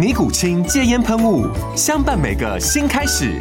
尼古清戒菸噴霧，相伴每個新開始。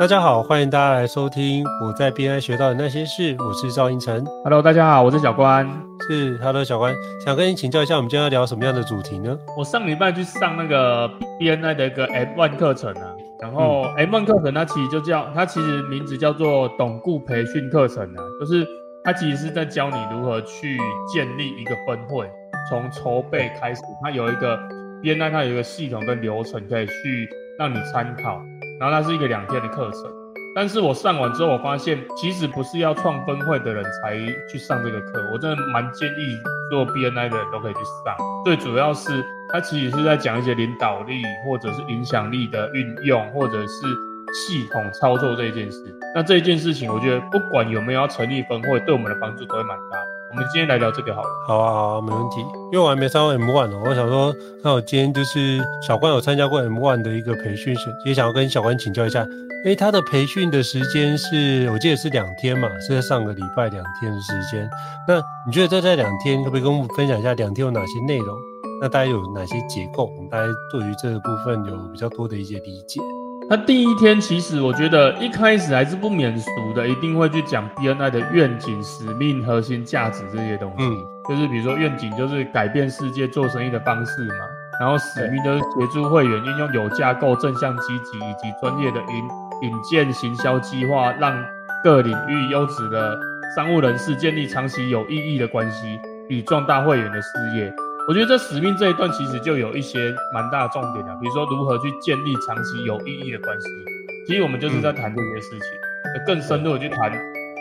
大家好，歡迎大家來收聽我在 B N I 學到的那些事。我是趙胤丞。Hello，大家好，我是小關。是 Hello，小關，想跟你請教一下，我們今天要聊什麼樣的主題呢？我上禮拜去上那個 B N I 的一個 M1 課程啊，然後 M 1課程它其實就叫它其實名字叫做董顧培訓課程啊，就是它其實是在教你如何去建立一個分會，從籌備開始，它有一個。BNI 它有一個系統跟流程可以去讓你參考，然後它是一個兩天的課程。但是我上完之後，我發現其實不是要創分會的人才去上這個課，我真的蠻建議做 BNI 的人都可以去上。最主要是它其實是在講一些領導力或者是影響力的運用，或者是系統操作這一件事。那這一件事情，我覺得不管有沒有要成立分會，對我們的幫助都會蠻大。我們今天來聊這個好了。好啊，好啊，沒問題。因為我還沒上過 M1 呢，我想說，那我今天就是小關有參加過 M1 的一個培訓，所以想要跟小關請教一下。誒，他的培訓的時間是我記得是兩天嘛，是在上個禮拜兩天的時間。那你覺得在這兩天，可不可以跟我們分享一下兩天有哪些內容？那大概有哪些結構？我們大家對於這個部分有比較多的一些理解。他第一天其實，我覺得一開始還是不免俗的，一定會去講 BNI 的願景、使命、核心價值這些東西。嗯，就是比如說願景，就是改變世界做生意的方式嘛。然後使命就是協助會員運用有架構、正向、積極以及專業的引引薦行銷計劃，讓各領域優質的商務人士建立長期有意義的關係，與壯大會員的事業。我覺得這使命這一段其實就有一些蠻大的重點了，比如說如何去建立長期有意義的關係。其實我們就是在談這些事情，嗯，更深入的去談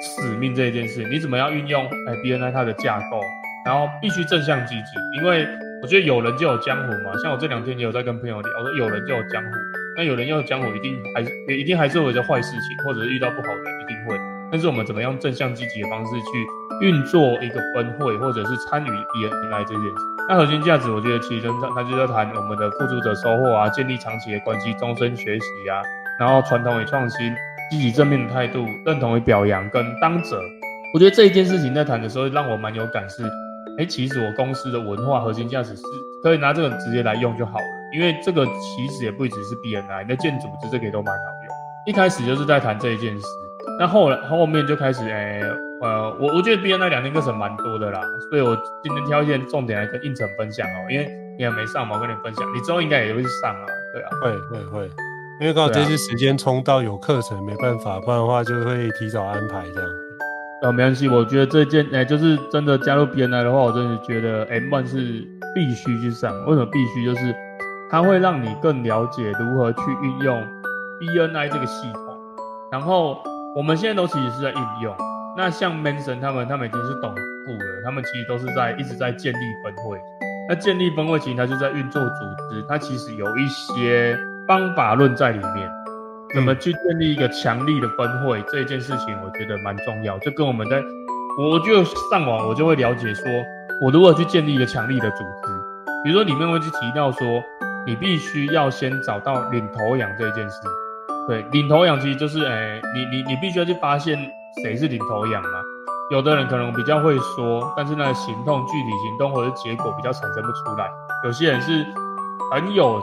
使命這一件事。你怎麼樣運用哎 B N I 它的架構，然後必須正向積極，因為我覺得有人就有江湖嘛。像我這兩天也有在跟朋友聊，我說有人就有江湖，那有人要有江湖一定還是也一定還是有一些壞事情，或者是遇到不好的一定會。但是我們怎麼用正向積極的方式去運作一個分會，或者是參與 B N I 這件事。那核心價值，我覺得其實真正他就是在談我們的付出者收穫啊，建立長期的關係，終身學習啊，然後傳統與創新，積極正面的態度，認同與表揚跟當責。我覺得這一件事情在談的時候，讓我蠻有感是，誒、欸、其實我公司的文化核心價值是可以拿這種直接來用就好了，因為這個其實也不只是 BNI，那建組織這個也都蠻好用。一開始就是在談這一件事，那後來後面就開始哎。欸呃，我我覺得 B N I 兩天課程蠻多的啦，所以我今天挑一件重點來跟胤丞分享哦、喔。因為你還沒上嘛，我跟你分享，你之後應該也會上啊，對啊，會會會，因為剛好這些時間衝到有課程、啊，沒辦法，不然的話就會提早安排這樣。呃，沒關係，我覺得這件，哎、欸，就是真的加入 B N I 的話，我真的覺得 M1 是必須去上。為什麼必須？就是它會讓你更了解如何去運用 B N I 這個系統，然後我們現在都其實是在應用。那像 Mansion 他們，他們已經是董顧了。他們其實都是在一直在建立分會。嗯、那建立分會，其實他就在運作組織，他其實有一些方法論在裡面，怎麼去建立一個強力的分會，嗯、這件事情我覺得蠻重要。就跟我們在，我就上網，我就會了解說，我如何去建立一個強力的組織。比如說裡面會去提到說，你必須要先找到領頭羊這件事。對，領頭羊其實就是，誒、欸，你你你必須要去發現。誰是領頭羊呢？有的人可能比較會說，但是那個行動具體行動或者結果比較產生不出來。有些人是很有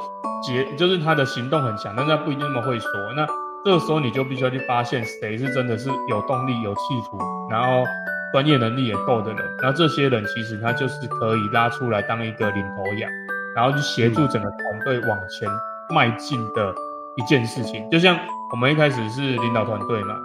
結，就是他的行動很強，但是他不一定那麼會說。那這個時候你就必須要去發現誰是真的是有動力、有企圖，然後專業能力也夠的人。那這些人其實他就是可以拉出來當一個領頭羊，然後去協助整個團隊往前邁進的一件事情、嗯。就像我們一開始是領導團隊嘛。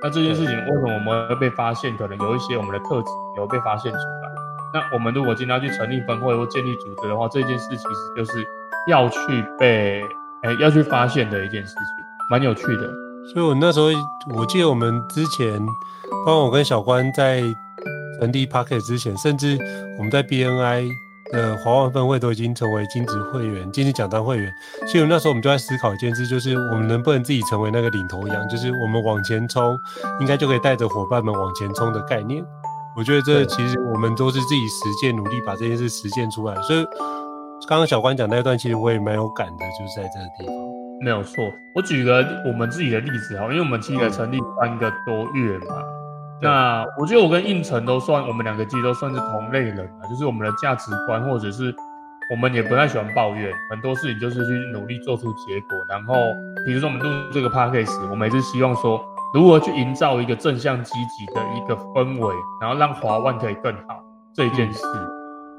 那這件事情為什麼我們會被發現？可能有一些我們的特質有被發現出來。那我們如果經常去成立分會或建立組織的話，這件事情就是要去被誒、欸、要去發現的一件事情，蠻有趣的。所以我那時候我記得我們之前，包括我跟小關在成立 Pocket 之前，甚至我們在 BNI。呃，華旺分會都已經成為金職會員、金子獎單會員，其實那時候我們就在思考一件事，就是我們能不能自己成為那個領頭羊，就是我們往前衝，應該就可以帶着夥伴們往前衝的概念。我覺得這其實我們都是自己實踐、努力把這件事實踐出來。所以剛剛小關講那段，其實我也蠻有感的，就是在這個地方。沒有錯，我舉個我們自己的例子哈，因為我們其實成立三個多月嘛。嗯那我覺得我跟胤丞都算我們兩個，其實都算是同類人啊。就是我們的價值觀，或者是我們也不太喜歡抱怨，很多事情就是去努力做出結果。然後，比如說我們錄這個 podcast，我們也是希望說如何去營造一個正向積極的一個氛圍，然後讓華萬可以更好這一件事。嗯。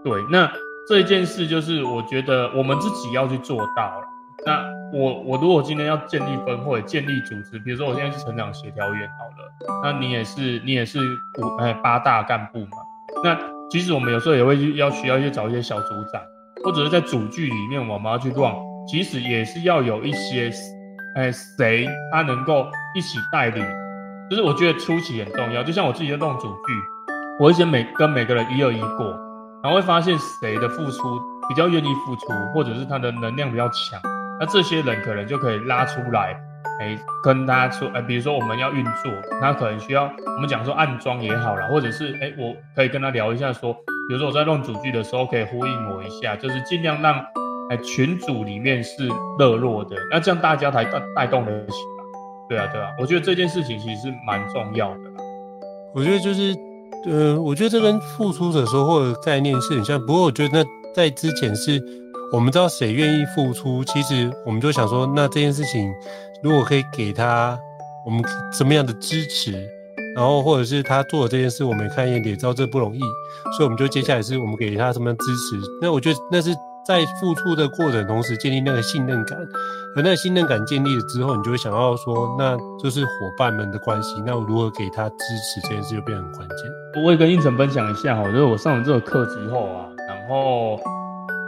對，那這一件事就是我覺得我們自己要去做到了。那我我如果今天要建立分會、建立組織，比如說我現在是成長協調員好了，那你也是你也是五哎八大幹部嘛。那其實我們有時候也會要需要去找一些小組長，或者是在組織裡面，我們要去逛。即使也是要有一些哎誰他能夠一起帶領，就是我覺得初期很重要。就像我自己在弄組織，我以前每跟每個人一二一過，然後會發現誰的付出比較願意付出，或者是他的能量比較強。那這些人可能就可以拉出來，誒、欸，跟他說，誒、欸，比如說我們要運作，他可能需要我們講說暗裝也好啦，或者是誒、欸，我可以跟他聊一下，說，比如說我在弄主句的時候，可以呼應我一下，就是儘量讓誒、欸、群組裡面是熱絡的，那這樣大家才帶帶動得起來。對啊，對啊，我覺得這件事情其實是蠻重要的啦。我覺得就是，呃，我覺得這跟付出的收穫的概念是很像，不過我覺得那在之前是。我們知道誰願意付出，其實我們就想說，那這件事情如果可以給他我們怎麼樣的支持，然後或者是他做的這件事，我們看一眼也知道這不容易，所以我們就接下來是我們給他什麼樣支持。那我覺得那是在付出的過程同時建立那個信任感，而那個信任感建立了之後，你就會想到說，那就是伙伴們的關係，那我如何給他支持這件事就變得很關鍵。我也跟胤丞分享一下哈，我覺得我上了這個課之後啊，然後。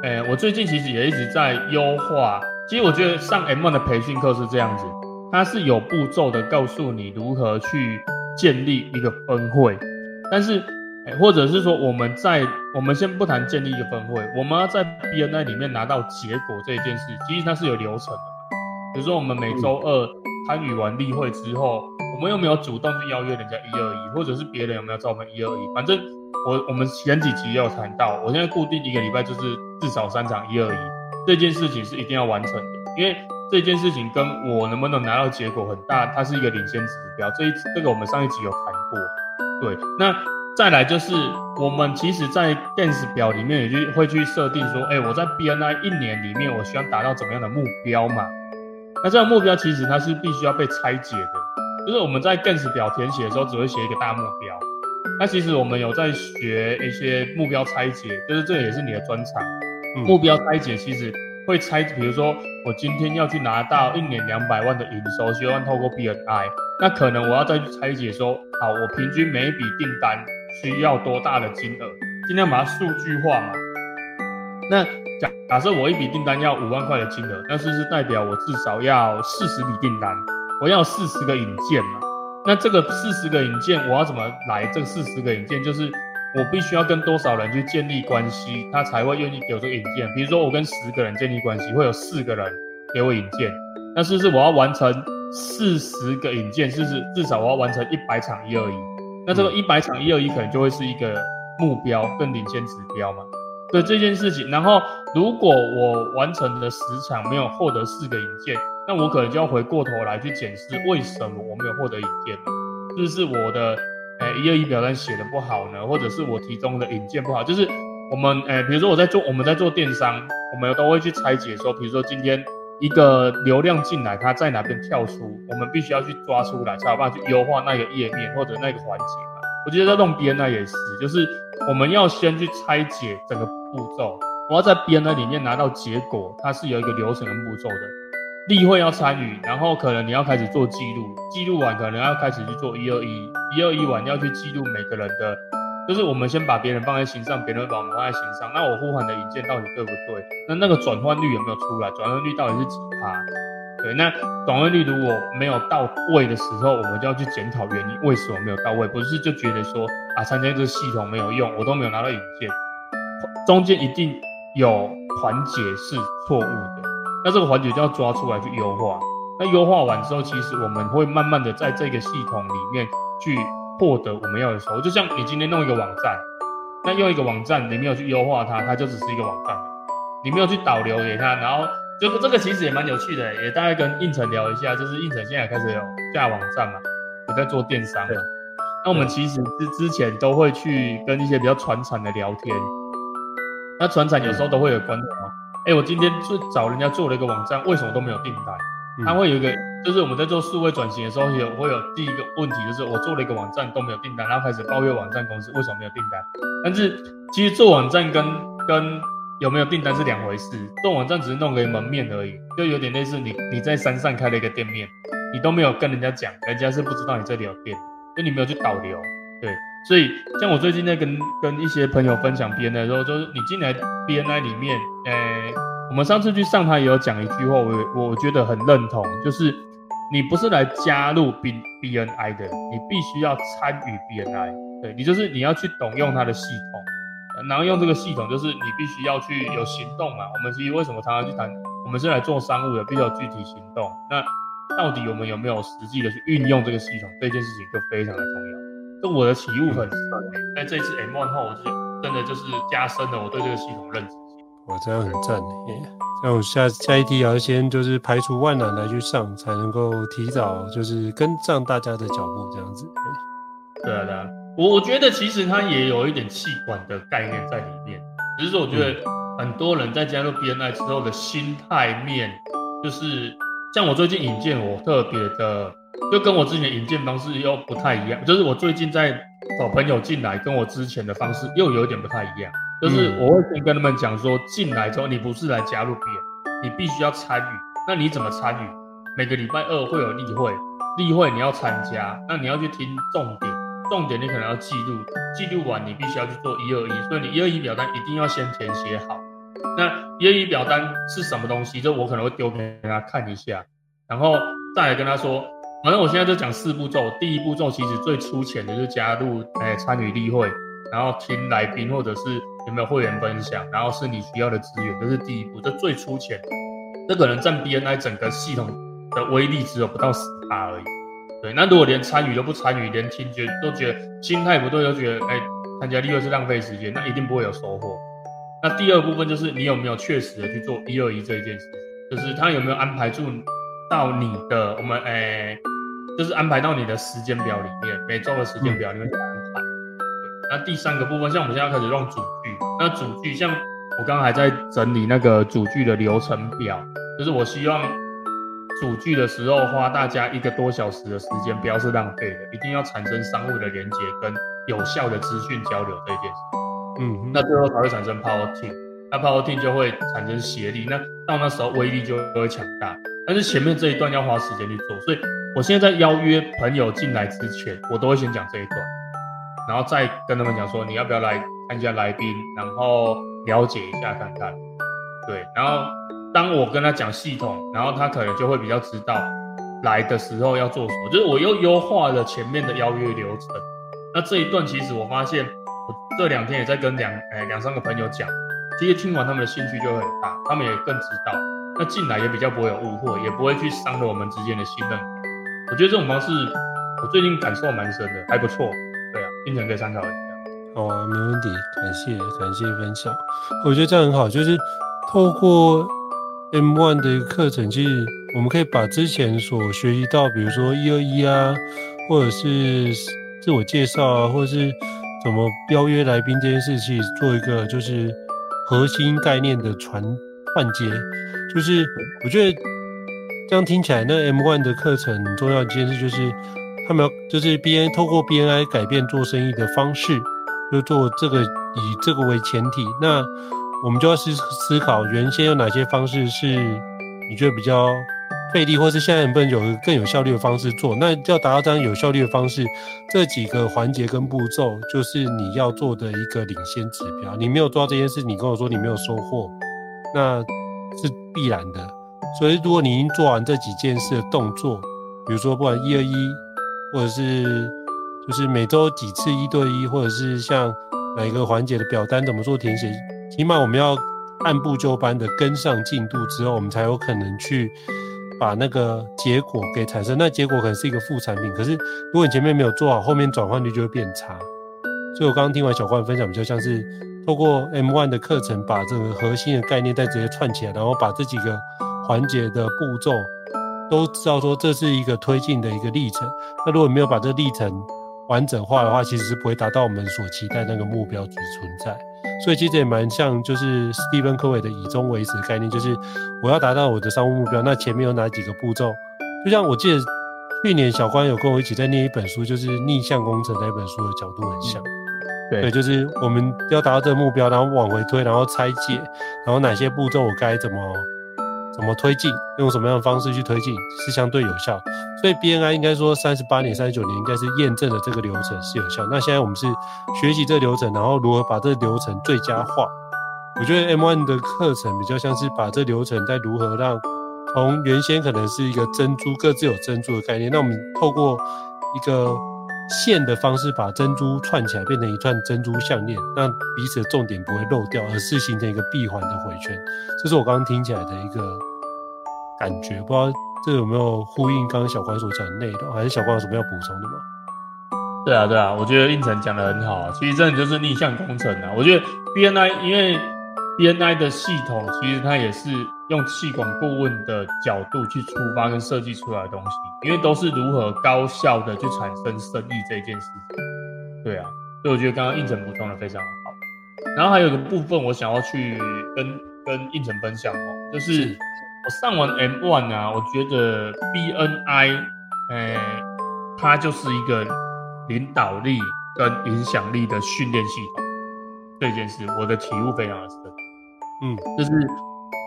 哎，我最近其實也一直在優化。其實我覺得上 M1 的培訓課是這樣子，它是有步驟的，告訴你如何去建立一個分會。但是，誒，或者是說我們在，我們先不談建立一個分會，我們要在 BNI 裡面拿到結果這件事，其實它是有流程的。比如說我們每周二參與完例會之後，嗯，我們又沒有主動去邀約人家一二一，或者是別人有沒有找我們一二一，反正我我們前幾集有談到，我現在固定一個禮拜就是。至少三場一二一，這件事情是一定要完成的，因為這件事情跟我能不能拿到結果很大，它是一個領先指標。這一這個我們上一集有談過，對。那再來就是我們其實在 GAINS 表裡面，也就會去設定說，誒，我在 B N I 一年裡面，我需要達到怎麼樣的目標嘛？那這個目標其實它是必須要被拆解的，就是我們在 GAINS 表填寫的時候，只會寫一個大目標。那其實我們有在學一些目標拆解，就是這也是你的專長。嗯、目標拆解其實會拆，比如說我今天要去拿到一年兩百萬的營收，希望透過 BNI，那可能我要再去拆解說，好，我平均每一筆訂單需要多大的金額？盡量把它數據化嘛。那假假設我一筆訂單要五萬塊的金額，那是不是代表我至少要四十筆訂單？我要四十個引薦嘛？那這個四十個引薦我要怎麼來？這四十個引薦就是。我必須要跟多少人去建立關係，他才會願意給我這個引薦？比如說，我跟十個人建立關係，會有四個人給我引薦。那是不是我要完成四十個引薦，是不是至少我要完成一百場一二一？那這個一百場一二一可能就會是一個目標跟領先指標嘛？所、嗯、以這件事情，然後如果我完成了十場沒有獲得四個引薦，那我可能就要回過頭來去檢視為什麼我沒有獲得引薦，是不是我的？哎、欸，一二一表單寫的不好呢？或者是我提供的引薦不好，就是我們哎、欸，比如說我在做，我們在做電商，我們都會去拆解說，比如說今天一個流量進來，它在哪邊跳出，我們必須要去抓出來，才有辦法去優化那個頁面或者那個環節嘛。我覺得在弄 BNI 也是，就是我們要先去拆解整個步驟，我要在 BNI 裡面拿到結果，它是有一個流程的步驟的。例會要參與，然後可能你要開始做記錄，記錄完可能要開始去做一二一，一二一完要去記錄每個人的，就是我們先把別人放在心上，別人把我們放在心上。那我呼喊的引薦到底對不對？那那個轉換率有沒有出來？轉換率到底是幾趴？對，那轉換率如果沒有到位的時候，我們就要去檢討原因，為什麼沒有到位？不是就覺得說啊，參加這個系統沒有用，我都沒有拿到引薦，中間一定有環節是錯誤的。那這個環節就要抓出來去優化。那優化完之後，其實我們會慢慢的在這個系統裡面去獲得我們要的成果，就像你今天弄一個網站，那用一個網站，你沒有去優化它，它就只是一個網站。你沒有去導流給它，然後就是這個其實也蠻有趣的、欸。也大概跟胤丞聊一下，就是胤丞現在開始有架網站嘛，也在做電商了。那我們其實之之前都會去跟一些比較傳產的聊天，那傳產有時候都會有關聯哎、欸，我今天去找人家做了一個網站，為什麼都沒有訂單？它、嗯，會有一個，就是我們在做數位轉型的時候，有會有第一個問題，就是我做了一個網站都沒有訂單，然後開始抱怨網站公司為什麼沒有訂單。但是其實做網站跟跟有沒有訂單是兩回事，做網站只是弄個門面而已，就有點類似你你在山上開了一個店面，你都沒有跟人家講，人家是不知道你這裡有店，就你沒有去導流。對，所以像我最近在跟跟一些朋友分享 BNI 的時候，就是你進來 BNI 裡面，誒，我們上次去上台也有講一句話，我我覺得很認同，就是你不是來加入 B BNI 的，你必須要參與 BNI，對，你就是你要去懂用它的系統，然後用這個系統，就是你必須要去有行動嘛。我們是因為什麼常常去談，我們是來做商務的，必須有具體行動。那到底我們有沒有實際的去運用這個系統，這件事情就非常的重要。跟我的體悟很讚、欸，在、嗯、這次 M1 後，我就真的就是加深了我對這個系統認知。我這樣很讚。那、嗯、我下下一題要先就是排除萬難來去上，才能夠提早就是跟上大家的腳步這樣子。對啊、對啊，我覺得其實它也有一點氣管的概念在裡面，只是說我覺得很多人在加入 BNI 之後的心態面，就是像我最近引薦我特別的。就跟我之前引薦方式又不太一樣，就是我最近在找朋友進來，跟我之前的方式又有點不太一樣。就是我會先跟他們講說，進來之後你不是來加入別人，你必須要參與。那你怎麼參與？每個禮拜二會有例會，例會你要參加，那你要去聽重點，重點你可能要記錄，記錄完你必須要去做一二一。所以你一二一表單一定要先填寫好。那一二一表單是什麼東西？就我可能會丟給他看一下，然後再來跟他說。反正我現在就講四步驟。第一步驟其實最粗淺的就是加入，哎、欸，參與例會，然後聽來賓或者是有沒有會員分享，然後是你需要的資源，這、就是第一步，這最粗淺，這可能占 BNI 整個系統的威力只有不到十趴而已。對，那如果連參與都不參與，連聽覺得都覺得心態不對，都覺得哎，參、欸、加例會是浪費時間，那一定不會有收穫。那第二部分就是你有沒有確實的去做一二一這一件事情，就是他有沒有安排住到你的我們哎。欸就是安排到你的時間表裡面，每周的時間表裡面安排、嗯。那第三個部分，像我們現在開始用主句，那主句像我剛剛還在整理那個主句的流程表，就是我希望主句的時候花大家一個多小時的時間，不要是浪費的，一定要產生商務的連接跟有效的資訊交流這一件事。嗯，那最後才會產生 power team，那 power team 就會產生協力，那到那時候威力就會強大。但是前面這一段要花時間去做，所以。我現在在邀約朋友進來之前，我都會先講這一段，然後再跟他們講說，你要不要來看一下來賓，然後了解一下看看，對，然後當我跟他講系統，然後他可能就會比較知道來的時候要做什麼，就是我又優化了前面的邀約流程。那這一段其實我發現，我這兩天也在跟兩、哎、兩三個朋友講，其實聽完他們的興趣就很大，他們也更知道，那進來也比較不會有誤會，也不會去傷了我們之間的信任。我覺得這種方式，我最近感受蠻深的，還不錯。對啊，平常可以參考一下。好啊，沒問題，感謝感謝分享。我覺得這樣很好，就是透過 M1 的課程，就是我們可以把之前所學習到，比如說一二一啊，或者是自我介紹啊，或者是怎麼邀約來賓這件事情，做一個就是核心概念的傳換接。就是我覺得。這樣聽起來，那 M1 的課程很重要的一件事就是，他們要就是 B N 透過 B N I 改變做生意的方式，就做這個以這個為前提。那我們就要思思考，原先有哪些方式是你覺得比較費力，或是現在能不能有更有效率的方式做？那要達到這樣有效率的方式，這幾個環節跟步驟就是你要做的一個領先指標。你沒有做到這件事，你跟我說你沒有收穫，那是必然的。所以，如果你已經做完這幾件事的動作，比如說不管一、二、一，或者是就是每周幾次一對一，或者是像哪一個環節的表單怎麼做填寫，起碼我們要按部就班的跟上進度之後，我們才有可能去把那個結果給產生。那結果可能是一個副產品，可是如果你前面沒有做好，後面轉換率就會變差。所以我剛剛聽完小關的分享，比較像是透過 M One 的課程，把這個核心的概念再直接串起來，然後把這幾個。環節的步驟，都知道說這是一個推進的一個歷程。那如果沒有把這歷程完整化的話，其實是不會達到我們所期待的那個目標存在。所以其實也蠻像就是 Stephen Covey 的以終為始的概念，就是我要達到我的商務目標，那前面有哪幾個步驟？就像我記得去年小關有跟我一起在念一本書，就是逆向工程那一本書的角度很像。嗯、對,對，就是我們要達到這個目標，然後往回推，然後拆解，然後哪些步驟我該怎麼？怎麼推進？用什麼樣的方式去推進是相對有效。所以 B N I 應該說三十八年、三十九年應該是驗證了這個流程是有效。那現在我們是學習這個流程，然後如何把這個流程最佳化。我覺得 M1 的課程比較像是把這個流程再如何讓從原先可能是一個珍珠各自有珍珠的概念，那我們透過一個。線的方式把珍珠串起來，變成一串珍珠項鏈，那彼此的重點不會漏掉，而是形成一個閉環的回圈。這是我剛剛聽起來的一個感覺，不知道這有沒有呼應剛剛小關所講的內容，還是小關有什麼要補充的嗎？對啊，對啊，我覺得胤丞講得很好啊，其實真的就是逆向工程啊。我覺得 B N I 因為。BNI 的系統其實它也是用企管顧問的角度去出發跟設計出來的東西，因為都是如何高效的去產生生意這件事情。對啊，所以我覺得剛剛胤丞補充的非常好。然後還有一個部分，我想要去跟跟胤丞分享哦，就是我上完 M One 啊，我覺得 BNI，哎、欸，它就是一個領導力跟影響力的訓練系統這件事，我的體悟非常的深。嗯，就是，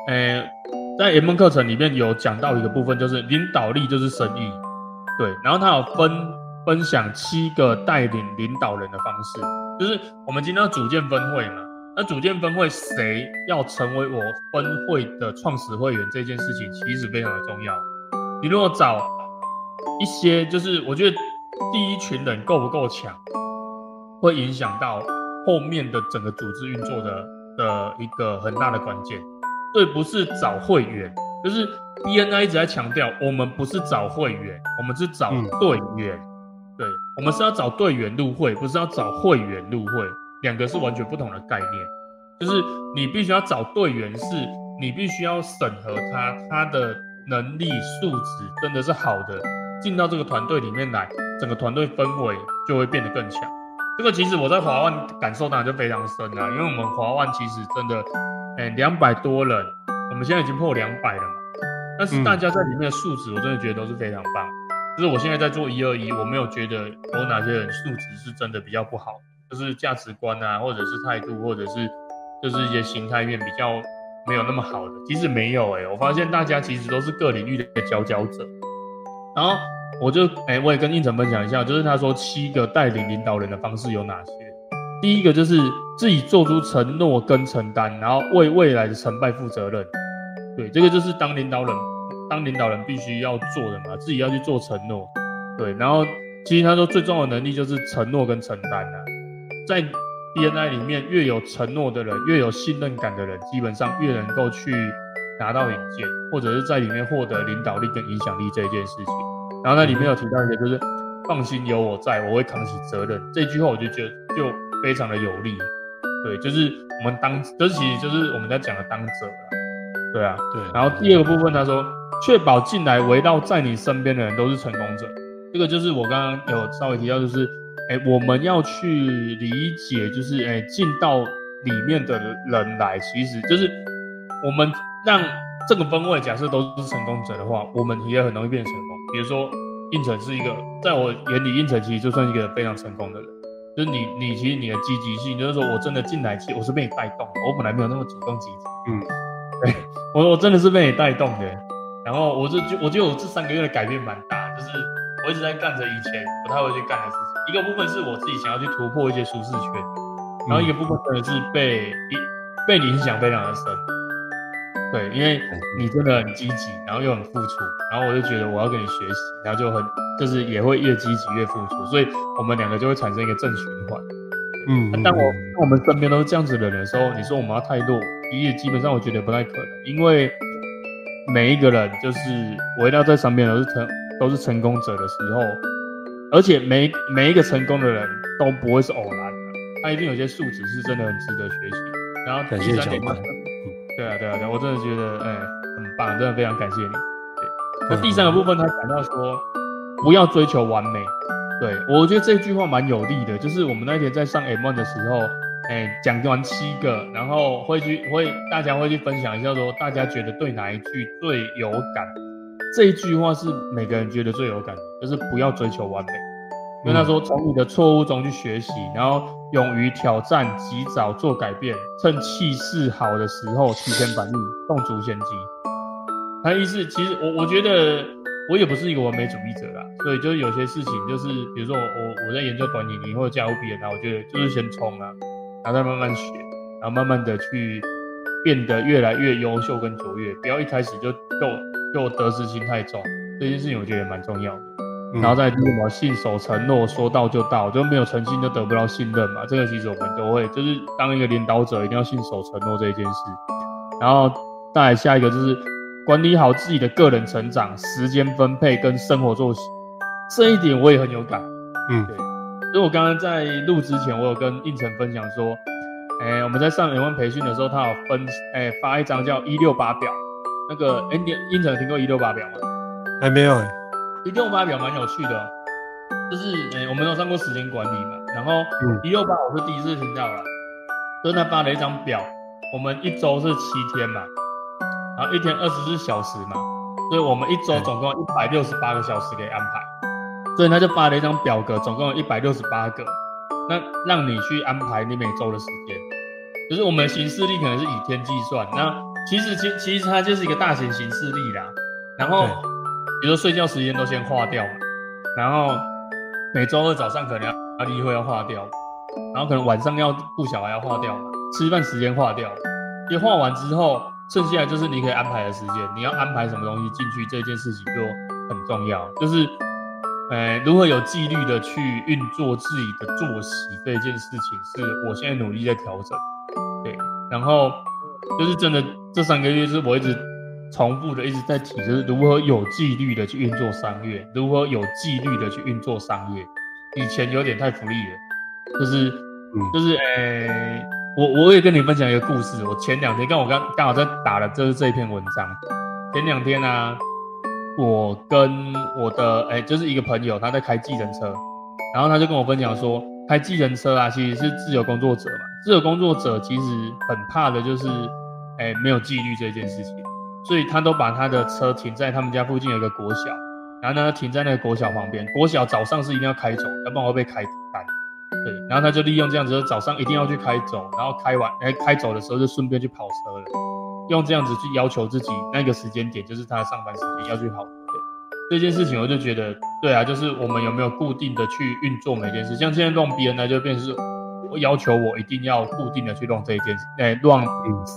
誒、欸，在 M 課程裡面有講到一個部分，就是領導力就是生意，對。然後他有分分享七個帶領領導人的方式，就是我們今天要組建分會嘛，那組建分會誰要成為我分會的創始會員這件事情其實非常的重要。你如果找一些就是我覺得第一群人夠不夠強，會影響到後面的整個組織運作的。的一個很大的關鍵，對，不是找會員，就是 BNI 一直在強調，我們不是找會員，我們是找隊員、嗯，對，我們是要找隊員入會，不是要找會員入會，兩個是完全不同的概念，就是你必須要找隊員，是你必須要審核他，他的能力素質真的是好的，進到這個團隊裡面來，整個團隊氛圍就會變得更強。這個其實我在華萬感受當然就非常深了，啊，因為我們華萬其實真的，哎，欸，兩百多人，我們現在已經破兩百了嘛。但是大家在裡面的素質，我真的覺得都是非常棒。嗯，就是我現在在做一二一，我沒有覺得有哪些人素質是真的比較不好，就是價值觀啊，或者是態度，或者是就是一些心態面比較沒有那麼好的。其實沒有哎，欸，我發現大家其實都是各領域的佼佼者。然後，我就哎、欸，我也跟胤丞分享一下，就是他說七個帶領領導人的方式有哪些。第一個就是自己做出承諾跟承擔，然後為未來的成敗負責任。對，這個就是當領導人，當領導人必須要做的嘛，自己要去做承諾。對，然後其實他說最重要的能力就是承諾跟承擔吶、啊。在 BNI 裡面，越有承諾的人，越有信任感的人，基本上越能夠去拿到引薦，或者是在裡面獲得領導力跟影響力這一件事情。然後那裡面有提到一個，就是放心有我在，我會扛起責任。這句話我就覺得就非常的有力，對，就是我們當，這其實就是我們在講的當責啦、啊。對啊，對。然後第二個部分他說，確保進來圍繞在你身邊的人都是成功者，這個就是我剛剛有稍微提到，就是哎，我們要去理解，就是哎進到裡面的人來，其實就是我們讓這個氛圍，假設都是成功者的話，我們也很容易變成功。比如說，胤丞是一個，在我眼裡，胤丞其實就算一個非常成功的人。就是你，你其實你的積極性，就是說我真的進來，其實我是被你帶動的。我本來沒有那麼主動積極。嗯，對我，我真的是被你帶動的。然後我這，我覺得我這三個月的改變蠻大，就是我一直在幹着以前不太會去幹的事情。一個部分是我自己想要去突破一些舒適圈，然後一個部分真的是被、嗯、被影響非常的深。對，因為你真的很積極，然後又很付出，然後我就覺得我要跟你學習，然後就很就是也會越積極越付出，所以我們兩個就會產生一個正循環。嗯，當我、嗯、我們身邊都是這樣子的人的時候，你說我們要太弱，也基本上我覺得不太可能，因為每一個人就是圍繞在身邊都是成都是成功者的時候，而且每每一個成功的人都不會是偶然的。他一定有些素質是真的很值得學習。然後感謝你們對啊，對，啊對啊，對啊，對，我真的覺得，哎、欸，很棒，真的非常感謝你。對，那第三個部分，他講到說，不要追求完美。對，我覺得這句話蠻有力的，就是我們那一天在上 M1 的時候，哎、欸，講完七個，然後會去會大家會去分享一下說，說大家覺得對哪一句最有感？這一句話是每個人覺得最有感，就是不要追求完美。跟他說，從你的錯誤中去學習，然後勇於挑戰，及早做改變，趁氣勢好的時候提前發力，動出先機。他的意思其實我我覺得我也不是一個完美主義者啦，所以就是有些事情就是，比如說我我在研究短影音或者加烏皮的他，然後我覺得就是先衝啊、嗯，然後再慢慢學，然後慢慢的去變得越來越優秀跟卓越，不要一開始就又又得失心太重，這件事情我覺得也蠻重要的。嗯、然後再怎麼信守承諾，說到就到，就沒有誠信就得不到信任嘛。這個其實我們都會，就是當一個領導者一定要信守承諾這一件事。然後，再來下一個就是管理好自己的個人成長、時間分配跟生活作息。這一點我也很有感。嗯，對。因為我剛剛在錄之前，我有跟胤丞分享說，哎、欸，我們在上 M1 培訓的時候，他有分哎、欸、發一張叫一六八表，那個你、欸、胤丞聽過一六八表嗎？還沒有、欸。一六八表蠻有趣的，就是誒、欸，我們有上過時間管理嘛，然後一六八我是第一次聽到了，嗯，所以他發了一張表，我們一周是七天嘛，然後一天二十四小時嘛，所以我們一周總共一百六十八個小時給安排，嗯，所以他就發了一張表格，總共有一百六十八個，那讓你去安排你每周的時間，就是我們的行事曆可能是以天計算，那其實其其實它就是一個大型行事曆啦，然後。嗯嗯比如說睡覺時間都先劃掉，然後每週二早上可能例會要劃掉，然後可能晚上要顧小孩要劃掉，吃飯時間劃掉。就劃完之後，剩下就是你可以安排的時間，你要安排什麼東西進去，這件事情就很重要。就是，誒，如何有紀律的去運作自己的作息，這件事情是我現在努力在調整。對，然後就是真的這三個月是我一直。重複的一直在提，就是如何有紀律的去運作商業，如何有紀律的去運作商業。以前有點太福利了，就是，嗯、就是，哎、欸，我我也跟你分享一個故事。我前兩天，剛我剛剛好在打的，就是這篇文章。前兩天啊，我跟我的哎、欸，就是一個朋友，他在開計程車，然後他就跟我分享說，開計程車啊，其實是自由工作者嘛，自由工作者其實很怕的，就是，哎、欸，沒有紀律這件事情。所以他都把他的車停在他們家附近，有一個國小，然後呢，停在那個國小旁邊。國小早上是一定要開走，要不然我會被開單。對，然後他就利用這樣子說，早上一定要去開走，然後開完，哎、欸，開走的時候就順便去跑車了，用這樣子去要求自己那個時間點，就是他的上班時間要去跑車。這件事情我就覺得，對啊，就是我們有沒有固定的去運作每件事，像現在弄 BNI 呢，就變成是我要求我一定要固定的去弄這一件，哎、欸，亂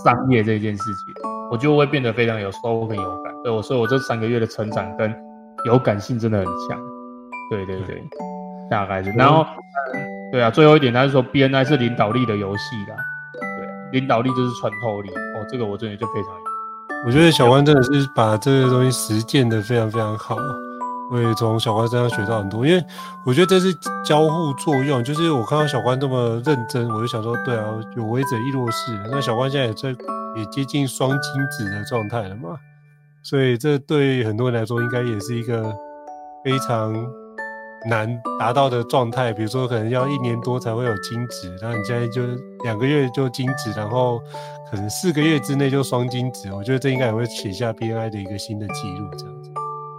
商業這件事情。我就會變得非常有收穫跟有感，對我，所以我這三個月的成長跟有感性真的很強，對對對，嗯、大概是。然後，對啊，最後一點他就是說 BNI 是領導力的遊戲啦，對，領導力就是穿透力哦，這個我真的就非常有，我覺得小關真的是把這個東西實踐的非常非常好。會從小關身上學到很多，因為我覺得這是交互作用。就是我看到小關這麼認真，我就想說，對啊，有為者亦若是。那小關現在也在，也接近雙精子的狀態了嘛？所以這對很多人來說，應該也是一個非常難達到的狀態。比如說，可能要一年多才會有精子，然後你現在就兩個月就精子，然後可能四個月之內就雙精子。我覺得這應該也會寫下 BNI 的一個新的記錄，這樣。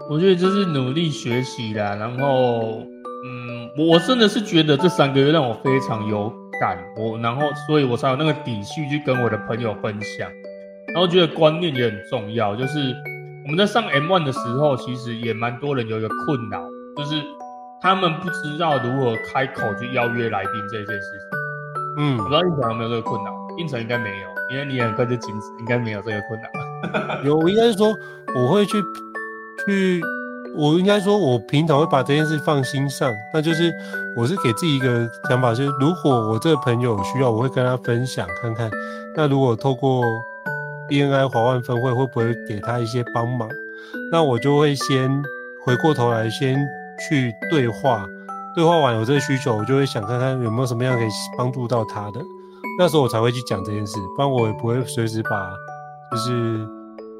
我覺得就是努力學習啦，然後，嗯，我真的是覺得這三個月讓我非常有感，我然後，所以我才有那個底氣去跟我的朋友分享，然後我覺得觀念也很重要。就是我們在上 M1 的時候，其實也蠻多人有一個困擾，就是他們不知道如何開口去邀約來賓這件事情。嗯，我不知道胤丞有沒有這個困擾？胤丞應該沒有，因為你很快就止應該沒有這個困擾。 有，應該是說我會去。去，我應該說，我平常會把這件事放心上。那就是，我是給自己一個想法，就是如果我這個朋友有需要，我會跟他分享看看。那如果透過 BNI 華萬分會會不會給他一些幫忙，那我就會先回過頭來先去對話，對話完有這個需求，我就會想看看有沒有什麼樣可以幫助到他的，那時候我才會去講這件事。不然我也不會隨時把，就是。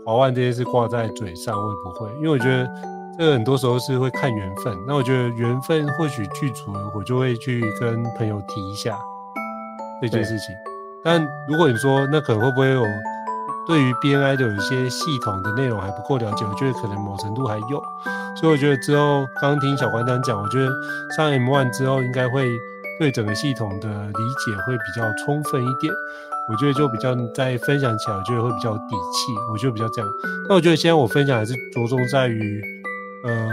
好，萬這些是掛在嘴上，我也不會。因為我覺得這個很多時候是會看緣分。那我覺得緣分或許具足了，我就會去跟朋友提一下這件事情。但如果你說那可能會不會有，對於 BNI 的有一些系統的內容還不夠了解，我覺得可能某程度還有。所以我覺得之後剛聽小關單講，我覺得上 M1 之後應該會對整個系統的理解會比較充分一點。我覺得就比較在分享起來，我覺得會比較有底氣。我覺得比較這樣。那我覺得現在我分享還是着重在於，呃，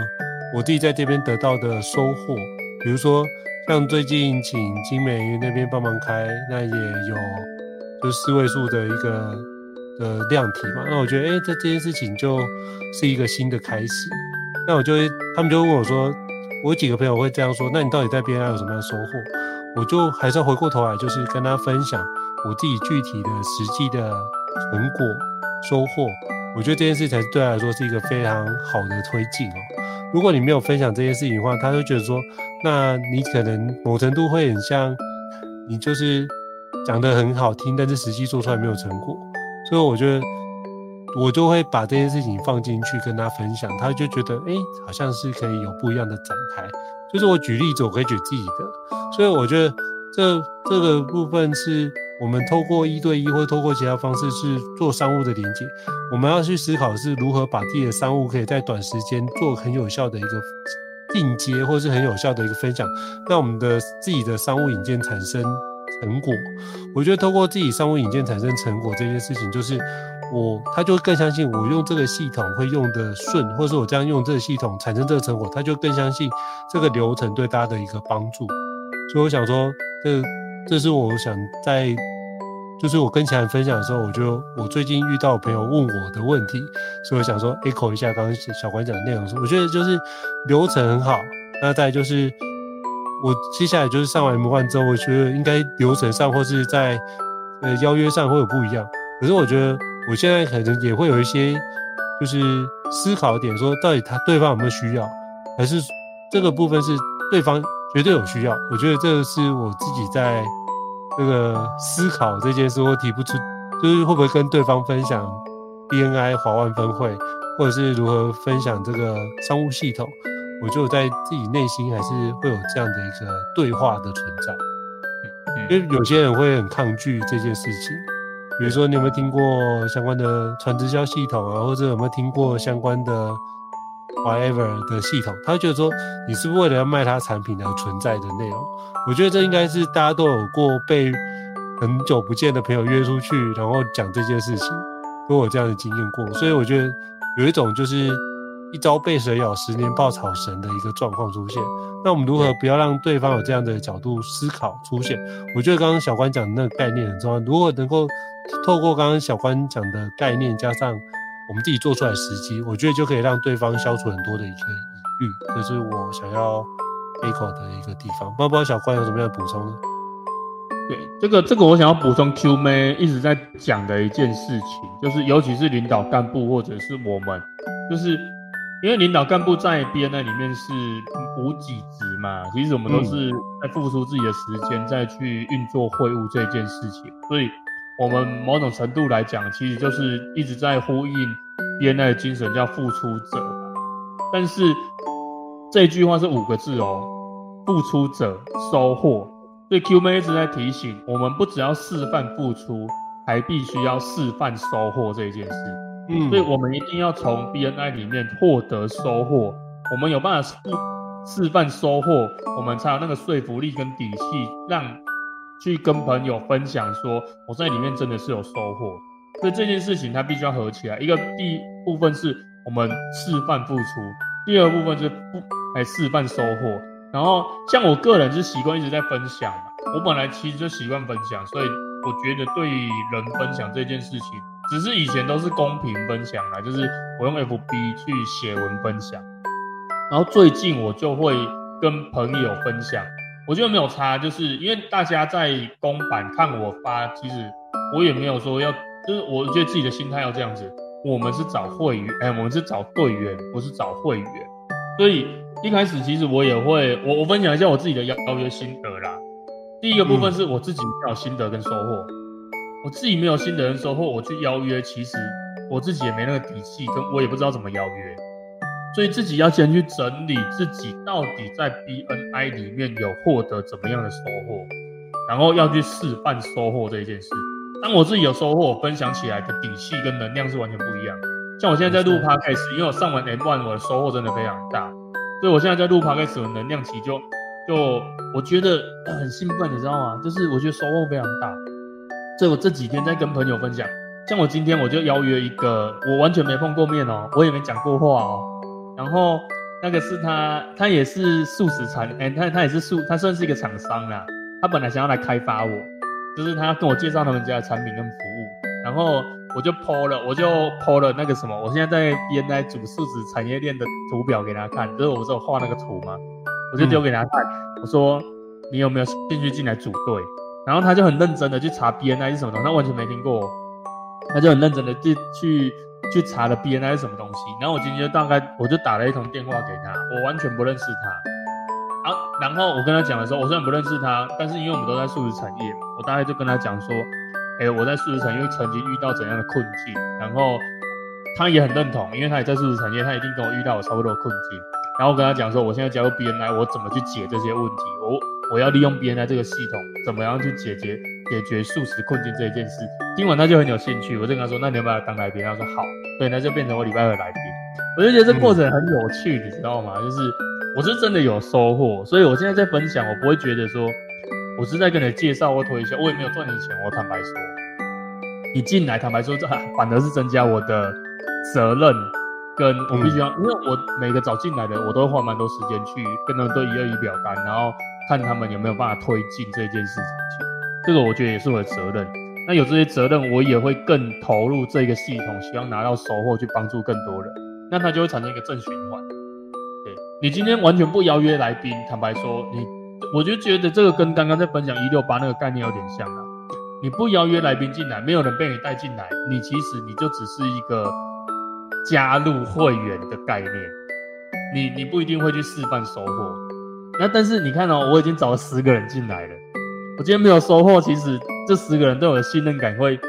我自己在這邊得到的收穫。比如說，像最近請金美那邊幫忙開，那也有就是四位數的一個呃量體嘛。那我覺得，誒、欸，這這件事情就是一個新的開始。那我就會他們就問我說，我有幾個朋友會這樣說，那你到底在邊還有什麼樣的收穫？我就還是要回過頭來，就是跟他分享。我自己具體的實際的成果收穫，我覺得這件事情才對他來說是一個非常好的推進哦。如果你沒有分享這件事情的話，他就覺得說，那你可能某程度會很像，你就是講得很好聽，但是實際做出來沒有成果。所以我覺得我就會把這件事情放進去跟他分享，他就覺得誒，好像是可以有不一樣的展開。就是我舉例子，我可以舉自己的，所以我覺得這這個部分是。我們透過一對一或透過其他方式去做商務的連接，我們要去思考是如何把自己的商務可以在短時間做很有效的一個進階，或是很有效的一個分享，讓我們的自己的商務引薦產生成果，我覺得透過自己商務引薦產生成果這件事情，就是我他就更相信我用這個系統會用得順，或者是我這樣用這個系統產生這個成果，他就更相信這個流程對大家的一個幫助。所以我想說，這個。這是我想在，就是我跟前人分享的時候，我就我最近遇到朋友問我的問題，所以我想說 echo 一下剛剛小關講的內容說，說我覺得就是流程很好，那再來就是我接下來就是上完 M1 之後，我覺得應該流程上或是在呃邀約上會有不一樣。可是我覺得我現在可能也會有一些就是思考點，說到底他對方有沒有需要，還是這個部分是對方。絕對有需要，我覺得這個是我自己在，那個思考這件事，我提不出，就是會不會跟對方分享 BNI 華萬分會，或者是如何分享這個商務系統，我就在自己內心還是會有這樣的一個對話的存在、嗯嗯，因為有些人會很抗拒這件事情，比如說你有沒有聽過相關的傳直銷系統啊，或者有沒有聽過相關的？Whatever 的系統，他會覺得說你是不是為了要賣他產品而存在的內容？我覺得這應該是大家都有過被很久不見的朋友約出去，然後講這件事情，都有這樣的經驗過。所以我覺得有一種就是一朝被蛇咬，十年怕草繩的一個狀況出現。那我們如何不要讓對方有這樣的角度思考出現？我覺得剛剛小關講的那個概念很重要。如果能夠透過剛剛小關講的概念，加上。我們自己做出來的時機，我覺得就可以讓對方消除很多的一些疑慮，這、嗯就是我想要開口的一個地方。包包小關有什麼要補充的？對，這個這個我想要補充。Q 妹一直在講的一件事情，就是尤其是領導幹部或者是我們，就是因為領導幹部在 BNI 裡面是無給職嘛，其實我們都是在付出自己的時間，再去運作會務這件事情，所以我們某種程度來講，其實就是一直在呼應 B N I 的精神，叫付出者。但是這句話是五個字哦，付出者收穫。所以 Q 妹一直在提醒我們，不只要示範付出，還必須要示範收穫這一件事。嗯，所以我們一定要從 B N I 裡面獲得收穫。我們有辦法示示範收穫，我們才有那個說服力跟底氣，讓。去跟朋友分享，說我在裡面真的是有收穫，所以這件事情它必須要合起來。一個第一部分是我們示範付出，第二部分就是不來示範收穫。然後像我個人是習慣一直在分享嘛，我本來其實就習慣分享，所以我覺得對人分享這件事情，只是以前都是公平分享啦，就是我用 FB 去寫文分享，然後最近我就會跟朋友分享。我覺得沒有差，就是因為大家在公版看我發，其實我也沒有說要，就是我覺得自己的心態要這樣子。我們是找會員，哎，我們是找隊員，不是找會員。所以一開始其實我也會，我我分享一下我自己的邀邀約心得啦。第一個部分是我自己沒有心得跟收穫。嗯，我自己沒有心得跟收穫，我去邀約，其實我自己也沒那個底氣，跟我也不知道怎麼邀約。所以自己要先去整理自己到底在 B N I 裡面有獲得怎麼樣的收穫，然後要去示範收穫這一件事。當我自己有收穫，我分享起來的底氣跟能量是完全不一樣的。像我現在在錄帕開始，因為我上完 M o n 我的收穫真的非常大，所以我現在在錄帕開始 c 的能量級，就就我覺得很興奮，你知道嗎？就是我覺得收穫非常大，所以我這幾天在跟朋友分享。像我今天我就邀約一個我完全沒碰過面哦，我也沒講過話哦。然後那個是他，他也是素食產，哎、欸，他他也是素，他算是一個廠商啦。他本來想要來開發我，就是他要跟我介紹他們家的產品跟服務，然後我就 po 了，我就 po 了那個什麼，我現在在 B N I 組素食產業鏈的圖表給他看，就是我不是有畫那個圖嗎？我就丟給他看，嗯、我說你有沒有興趣進來組隊？然後他就很認真的去查 B N I 是什麼東西，他完全沒聽過，他就很認真的進去。去去查了 B N I 是什麼東西，然後我今天就大概我就打了一通電話給他，我完全不認識他。然後，然後我跟他講的時候，我雖然不認識他，但是因為我們都在素食產業，我大概就跟他講說，哎、欸，我在素食產業曾經遇到怎樣的困境，然後他也很認同，因為他也在素食產業，他一定跟我遇到我差不多的困境。然後我跟他講說，我現在加入 B N I，我怎麼去解這些問題？我我要利用 B N I 這個系統，怎麼樣去解決？解決素食困境這一件事，今晚他就很有興趣。我就跟他說，那你要不要當來賓？他說好，所以他就變成我禮拜二來賓。我就覺得這過程很有趣，嗯，你知道嗎？就是我是真的有收穫，所以我現在在分享，我不會覺得說，我是在跟你介紹或推銷，我也沒有賺你錢。我坦白說，你進來，坦白說，這反而是增加我的責任，跟我必須要、嗯，因為我每個早進來的，我都會花蠻多時間去跟他們都一二一表單，然後看他們有沒有辦法推進這件事情去。這個我覺得也是我的責任。那有這些責任，我也會更投入這個系統，希望拿到收穫去幫助更多人。那它就會產生一個正循環。對，你今天完全不邀約來賓，坦白說，你，我就覺得這個跟剛剛在分享一六八那個概念有點像啊。你不邀約來賓進來，沒有人被你帶進來，你其實你就只是一個加入會員的概念。你，你不一定會去示範收穫。那但是你看哦，我已經找了十個人進來了。我今天沒有收穫，其實這十個人對我的信任感會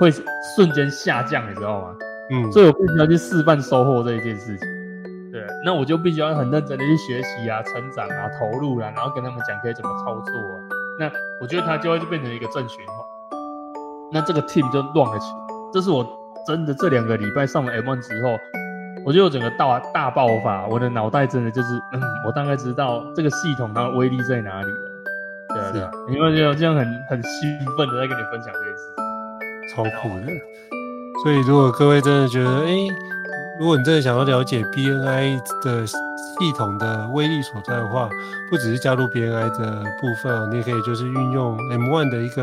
會瞬間下降，你知道嗎？嗯，所以我必須要去示範收穫這一件事情。對，那我就必須要很認真的去學習啊、成長啊、投入啊，然後跟他們講可以怎麼操作啊。那我覺得他就會變成一個正循環，那這個 team 就亂了起來。這是我真的這兩個禮拜上了 M1 之後，我覺得我整個大大爆發，我的腦袋真的就是，嗯，我大概知道這個系統它的威力在哪裡了。對啊，對啊，因為就樣這樣很、嗯、很興奮的在跟你分享這件事，超酷的。所以如果各位真的覺得，哎，如果你真的想要了解 B N I 的系統的威力所在的話，不只是加入 B N I 的部分，你也可以就是運用 M One 的一個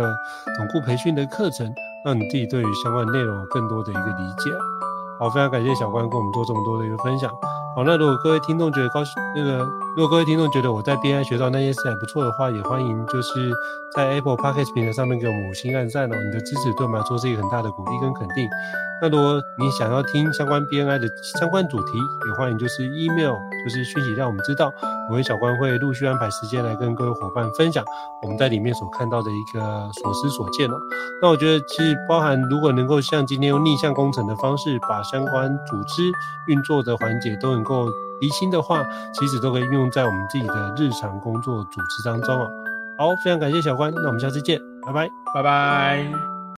董顧培訓的課程，讓你自己對於相關內容有更多的一個理解。好，非常感謝小關跟我們做這麼多的一個分享。好，那如果各位聽眾覺得高興那個。如果各位聽眾覺得我在 BNI 學到那些事還不錯的話，也歡迎就是在 Apple Podcast 平台上面給我們五星按讚哦。你的支持對我們來說是一個很大的鼓勵跟肯定。那如果你想要聽相關 BNI 的相關主題，也歡迎就是 email 就是訊息讓我們知道，我跟小關會陸續安排時間來跟各位夥伴分享我們在裡面所看到的一個所思所見哦。那我覺得其實包含如果能夠像今天用逆向工程的方式，把相關組織運作的環節都能夠。離心的話，其實都可以運用在我們自己的日常工作主持當中哦、喔。好，非常感謝小關，那我們下次見，拜拜，拜拜。